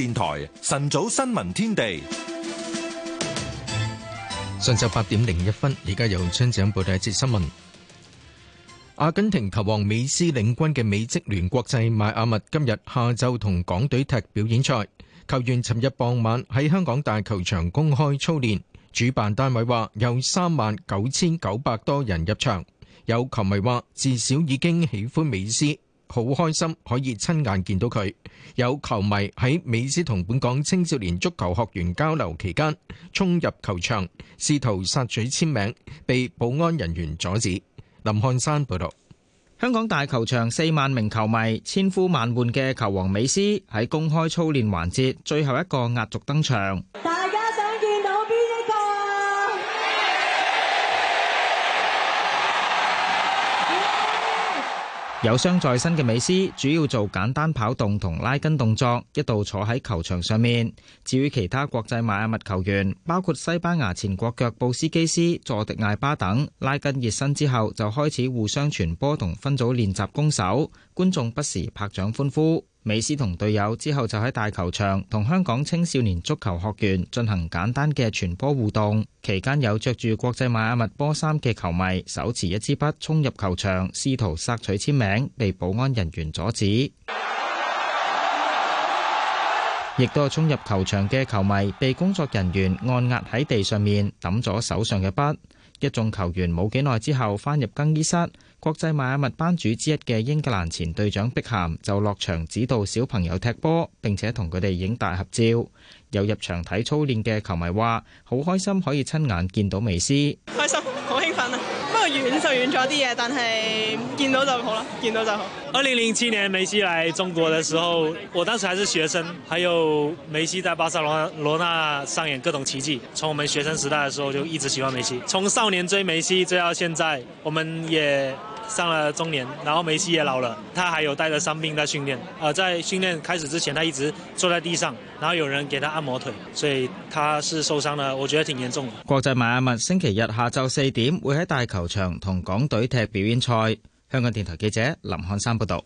電台晨早新聞天地，上晝八點零一分，而家由張景報第一節新聞。阿根廷球王美斯領軍嘅美職聯國際邁阿密今日下晝同港隊踢表演賽，球員尋日傍晚喺香港大球場公開操練，主辦單位話有三萬九千九百多人入場，有球迷話至少已經喜歡美斯。好開心可以親眼見到佢。有球迷喺美斯同本港青少年足球學員交流期間，衝入球場試圖索取簽名，被保安人員阻止。林漢山報導。香港大球場四萬名球迷千呼萬喚嘅球王美斯喺公開操練環節最後一個壓軸登場。有傷在身嘅美斯主要做簡單跑動同拉筋動作，一度坐喺球場上面。至於其他國際邁阿密球員，包括西班牙前國腳布斯基斯、佐迪艾巴等，拉筋熱身之後就開始互相傳波同分組練習攻守，觀眾不時拍掌歡呼。美斯同隊友之後就喺大球場同香港青少年足球學員進行簡單嘅傳波互動，期間有着住國際邁阿密波衫嘅球迷手持一支筆沖入球場，試圖索取簽名，被保安人員阻止。亦都有沖入球場嘅球迷被工作人員按壓喺地上面，抌咗手上嘅筆。一眾球員冇幾耐之後翻入更衣室。國際邁阿密班主之一嘅英格蘭前隊長碧咸就落場指導小朋友踢波，並且同佢哋影大合照。有入場睇操練嘅球迷話：好開心可以親眼見到美斯。」開心。遠就遠咗啲嘢，但係見到就好啦，見到就好。二零零七年梅西來中國的時候，我當時還是學生。還有梅西在巴塞羅羅那上演各種奇跡。從我們學生時代的時候就一直喜歡梅西，從少年追梅西追到現在，我們也上了中年，然後梅西也老了，他還有帶着傷病在訓練。呃，在訓練開始之前，他一直坐在地上，然後有人給他按摩腿，所以他是受傷了，我覺得挺嚴重的。國際邁阿密星期日下晝四點會喺大球場。同港隊踢表演賽。香港電台記者林漢山報道，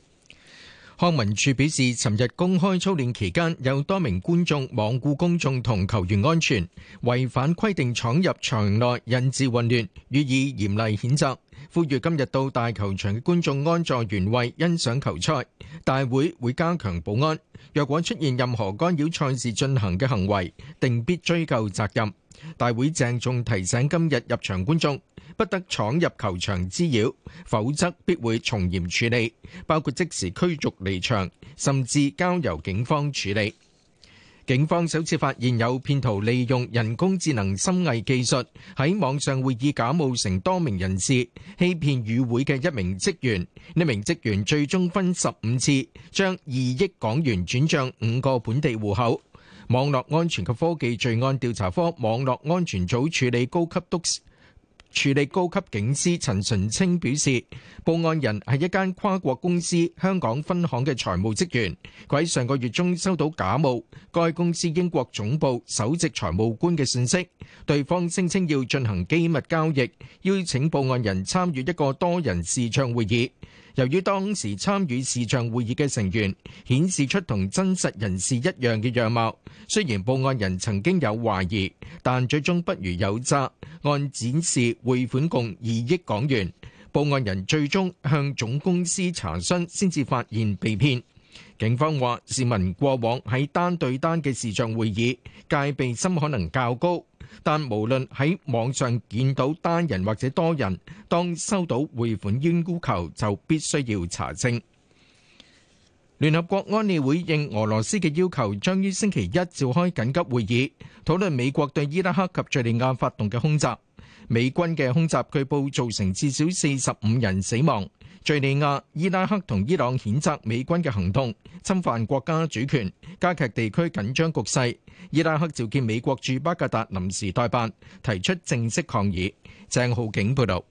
康文署表示，尋日公開操練期間有多名觀眾罔顧公眾同球員安全，違反規定闖入場內，引致混亂，予以嚴厲譴責。呼籲今日到大球場嘅觀眾安坐原位，欣賞球賽。大會會加強保安，若果出現任何干擾賽事進行嘅行為，定必追究責任。大會鄭重提醒今日入場觀眾，不得闖入球場滋擾，否則必會從嚴處理，包括即時驅逐離場，甚至交由警方處理。警方首次發現有騙徒，利用人工智能深偽技術，喺網上會議假冒成多名人士，欺騙與會嘅一名職員。呢名職員最終分十五次，將二億港元轉賬五個本地戶口。網絡安全及科技罪案調查科網絡安全組處理高級督，處理高級警司陳純清表示，報案人係一間跨國公司香港分行嘅財務職員，佢喺上個月中收到假冒該公司英國總部首席財務官嘅信息，對方聲稱要進行機密交易，邀請報案人參與一個多人視像會議。由於當時參與視像會議嘅成員顯示出同真實人士一樣嘅樣貌，雖然報案人曾經有懷疑，但最終不虞有詐。按展示匯款共二億港元，報案人最終向總公司查詢先至發現被騙。警方話：市民過往喺單對單嘅視像會議，戒備心可能較高。但無論喺網上見到單人或者多人，當收到匯款冤姑求，就必須要查證。聯合國安理會應俄羅斯嘅要求，將於星期一召開緊急會議，討論美國對伊拉克及敘利亞發動嘅空襲。美軍嘅空襲據報造成至少四十五人死亡。敘利亞、伊拉克同伊朗譴責美軍嘅行動，侵犯國家主權，加劇地區緊張局勢。伊拉克召見美國駐巴格達臨時代辦，提出正式抗議。鄭浩景報導。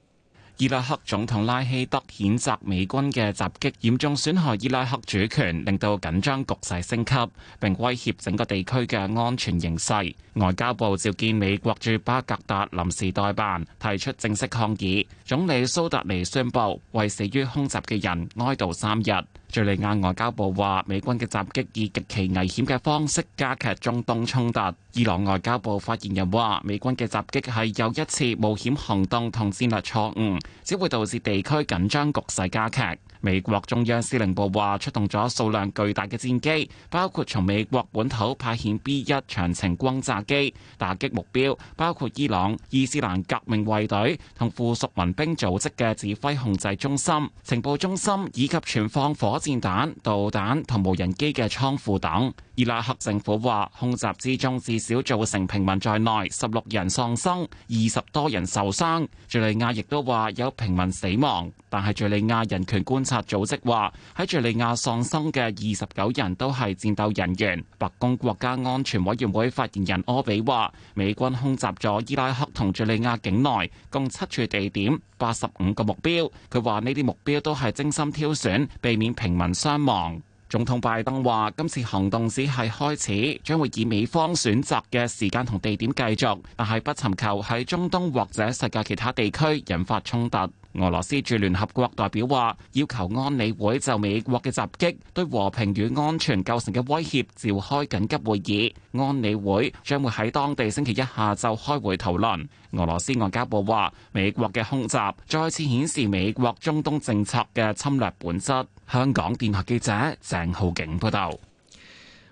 伊拉克總統拉希德譴責美軍嘅襲擊嚴重損害伊拉克主權，令到緊張局勢升級，並威脅整個地區嘅安全形勢。外交部召見美國駐巴格達臨時代辦，提出正式抗議，總理蘇達尼宣布為死於空襲嘅人哀悼三日。敘利亞外交部話美軍嘅襲擊以極其危險嘅方式加劇中東衝突。伊朗外交部發言人話美軍嘅襲擊係又一次冒險行動同戰略錯誤，只會導致地區緊張局勢加劇。美國中央司令部話出動咗數量巨大嘅戰機，包括從美國本土派遣 B-1 長程轟炸機打擊目標，包括伊朗伊斯蘭革命衛隊同附屬民兵組織嘅指揮控制中心、情報中心以及存放火戰彈、導彈同無人機嘅倉庫等。伊拉克政府話，空襲之中至少造成平民在內十六人喪生，二十多人受傷。敘利亞亦都話有平民死亡，但係敘利亞人權觀察組織話，喺敘利亞喪生嘅二十九人都係戰鬥人員。白宮國家安全委員會發言人柯比話，美軍空襲咗伊拉克同敘利亞境內共七處地點，八十五個目標。佢話呢啲目標都係精心挑選，避免平民傷亡。總統拜登話，今次行動只係開始，將會以美方選擇嘅時間同地點繼續，但係不尋求喺中東或者世界其他地區引發衝突。俄羅斯駐聯合國代表話，要求安理會就美國嘅襲擊對和平與安全構成嘅威脅召開緊急會議。安理會將會喺當地星期一下晝開會討論。俄羅斯外交部話，美國嘅空襲再次顯示美國中東政策嘅侵略本質。香港電台記者鄭浩景報道。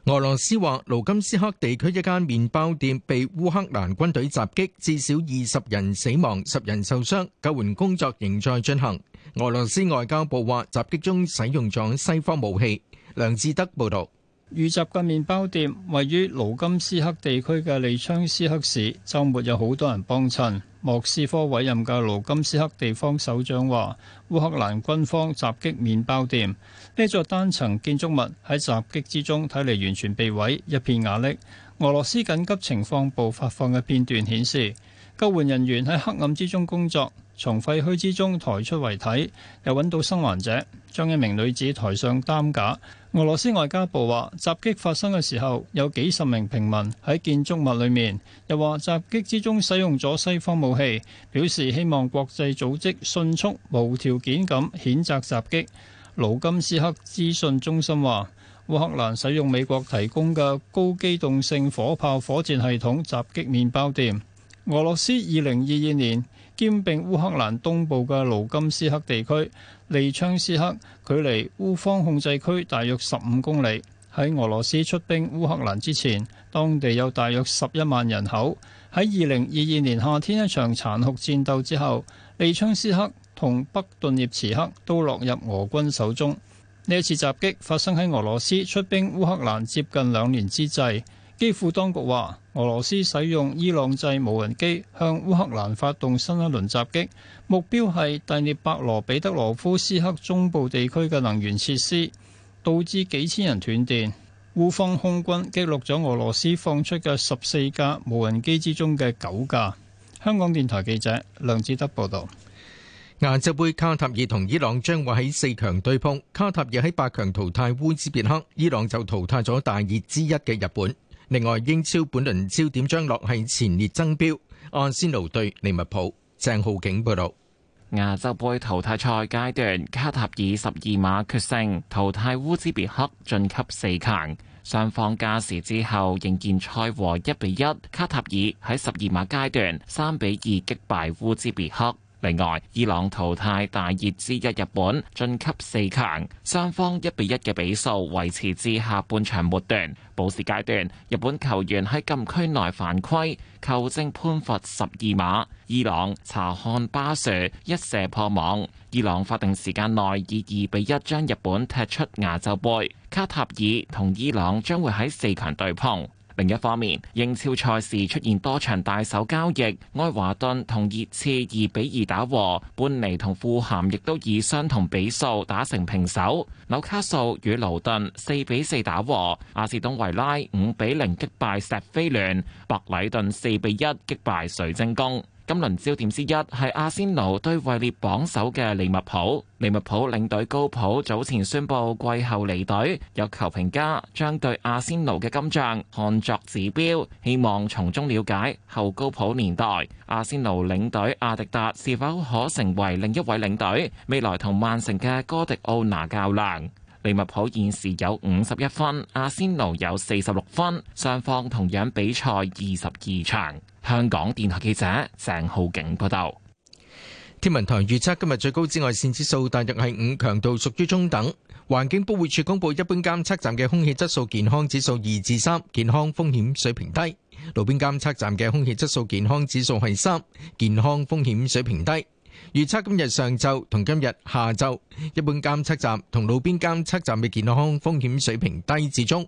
俄羅斯話，盧甘斯克地區一間麵包店被烏克蘭軍隊襲擊，至少二十人死亡，十人受傷，救援工作仍在進行。俄羅斯外交部話，襲擊中使用咗西方武器。梁志德報道：遇襲嘅麵包店位於盧甘斯克地區嘅利昌斯克市，周末有好多人幫襯。莫斯科委任嘅盧金斯克地方首長話：烏克蘭軍方襲擊麵包店，呢座單層建築物喺襲擊之中睇嚟完全被毀，一片瓦礫。俄羅斯緊急情況部發放嘅片段顯示，救援人員喺黑暗之中工作，從廢墟之中抬出遺體，又揾到生還者，將一名女子抬上擔架。俄羅斯外交部話，襲擊發生嘅時候有幾十名平民喺建築物裏面，又話襲擊之中使用咗西方武器，表示希望國際組織迅速無條件咁譴責襲擊。盧金斯克資訊中心話，烏克蘭使用美國提供嘅高機動性火炮火箭系統襲擊麵包店。俄羅斯二零二二年，兼併烏克蘭東部嘅盧甘斯克地區，利昌斯克距離烏方控制區大約十五公里。喺俄羅斯出兵烏克蘭之前，當地有大約十一萬人口。喺二零二二年夏天一場殘酷戰鬥之後，利昌斯克同北頓涅茨克都落入俄軍手中。呢一次襲擊發生喺俄羅斯出兵烏克蘭接近兩年之際。基輔當局話，俄羅斯使用伊朗製無人機向烏克蘭發動新一輪襲擊，目標係第聶伯羅彼得羅夫斯克中部地區嘅能源設施，導致幾千人斷電。烏方空軍擊落咗俄羅斯放出嘅十四架無人機之中嘅九架。香港電台記者梁志德報道：亞洲盃卡塔爾同伊朗將會喺四強對碰，卡塔爾喺八強淘汰烏茲別克，伊朗就淘汰咗大熱之一嘅日本。另外，英超本輪焦點將落係，前列爭標，阿仙奴對利物浦，鄭浩景報道。亞洲盃淘汰賽階段，卡塔爾十二碼決勝淘汰烏茲別克，晉級四強。雙方加時之後仍然賽和一比一，卡塔爾喺十二碼階段三比二擊敗烏茲別克。另外，伊朗淘汰大熱之一日本，晉級四強，雙方一比一嘅比數維持至下半場末段補時階段，日本球員喺禁區內犯規，球證判罰十二碼，伊朗查漢巴殊一射破網，伊朗法定時間內以二比一將日本踢出亞洲盃。卡塔爾同伊朗將會喺四強對碰。另一方面，英超賽事出現多場大手交易，愛華頓同熱刺二比二打和，班尼同富咸亦都以相同比數打成平手，紐卡素與勞頓四比四打和，阿士東維拉五比零擊敗石飛聯，白禮頓四比一擊敗水晶宮。今輪焦點之一係阿仙奴對位列榜，榜首嘅利物浦，利物浦領隊高普早前宣布季後離隊，有球評家將對阿仙奴嘅金像看作指標，希望從中了解後高普年代阿仙奴領隊阿迪達是否可成為另一位領隊，未來同曼城嘅哥迪奧拿較量。利物浦現時有五十一分，阿仙奴有四十六分，雙方同樣比賽二十二場。香港電台記者鄭浩景報道，天文台預測今日最高紫外線指數大約係五，強度屬於中等。環境保護署公布一般監測站嘅空氣質素健康指數二至三，健康風險水平低；路邊監測站嘅空氣質素健康指數係三，健康風險水平低。預測今日上晝同今日下晝，一般監測站同路邊監測站嘅健康風險水平低至中。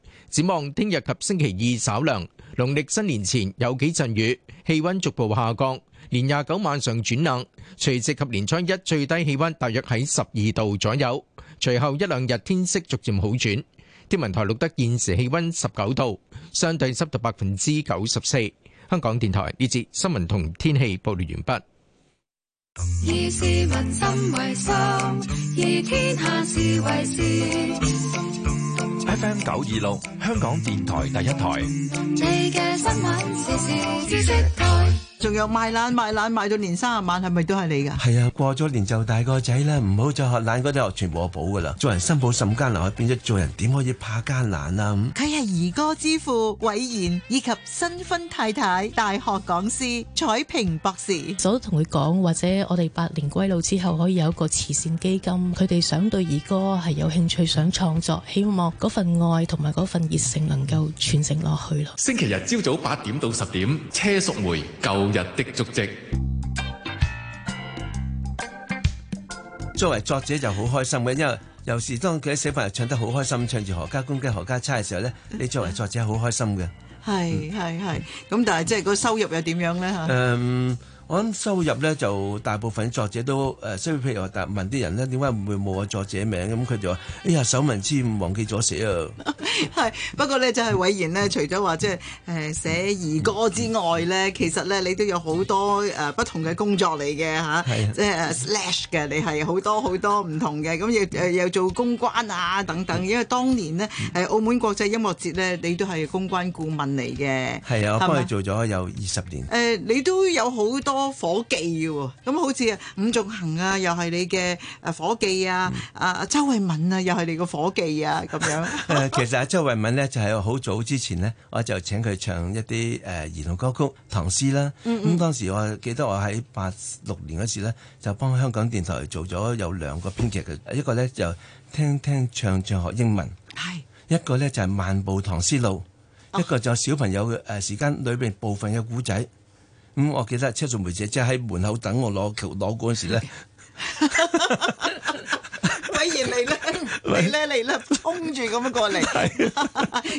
展望聽日及星期二稍涼，農曆新年前有幾陣雨，氣温逐步下降。年廿九晚上轉冷，除夕及年初一最低氣温大約喺十二度左右。隨後一兩日天色逐漸好轉。天文台錄得現時氣温十九度，相對濕度百分之九十四。香港電台呢節新聞同天氣報道完畢。FM 九二六，香港電台第一台。仲有賣懶賣懶賣到年三十晚，係咪都係你㗎？係啊，過咗年就大個仔啦，唔好再學懶嗰啲，全部我補㗎啦。做人辛苦甚艱難，變咗做人點可以怕艱難啊？咁佢係兒歌之父韋然以及新婚太太大學講師彩萍博士早都同佢講，或者我哋百年歸老之後，可以有一個慈善基金。佢哋想對兒歌係有興趣，想創作，希望嗰份愛同埋嗰份熱誠能夠傳承落去咯。星期日朝早八點到十點，車淑梅舊。日的足跡，作為作者就好開心嘅，因為有時當佢寫翻嚟唱得好開心，唱住何家公雞何家猜嘅時候咧，你作為作者好開心嘅，係係係。咁但係即係嗰收入又點樣咧嚇？嗯。我諗收入咧就大部分作者都，誒，所以譬如話問啲人咧，點解會冇我作者名咁？佢就話：哎呀，手文簽忘記咗寫啊！係，不過咧，就係偉賢咧，除咗話即係誒寫兒歌之外咧，其實咧你都有好多誒不同嘅工作嚟嘅嚇，係啊，即係誒 slash 嘅，你係好多好多唔同嘅咁又誒又做公關啊等等，因為當年咧誒澳門國際音樂節咧，你都係公關顧問嚟嘅。係啊，我幫你做咗有二十年。誒，你都有好多。伙記喎，咁好似伍仲衡啊，又係你嘅誒伙記啊，啊周慧敏啊，又係你個伙記啊咁樣。其實啊，周慧敏咧就係好早之前咧，我就請佢唱一啲誒兒童歌曲、唐詩啦。咁當時我記得我喺八六年嗰時咧，就幫香港電台做咗有兩個編劇嘅，一個咧就聽聽唱唱學英文，係一個咧就係漫步唐詩路，一個就小朋友嘅誒時間裏邊部分嘅古仔。咁、嗯、我記得車素梅姐即係喺門口等我攞球攞嗰時咧。 反而你咧，你咧，你咧，衝住咁樣過嚟，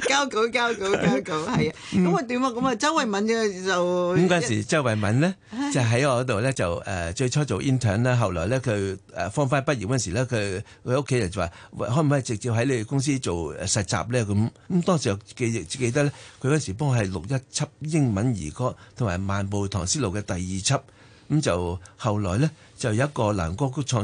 交稿、交稿、交稿，係啊！咁啊點啊？咁啊，周慧敏咧就咁嗰陣時，周慧敏咧就喺我嗰度咧，就誒最初做 intern 咧，後來咧佢誒放返畢業嗰時咧，佢佢屋企人就話，可唔可以直接喺你哋公司做實習咧？咁咁當時記憶只記得咧，佢嗰時幫我係錄一輯英文兒歌同埋《漫步唐詩路》嘅第二輯，咁就後來咧就有一個男歌曲創。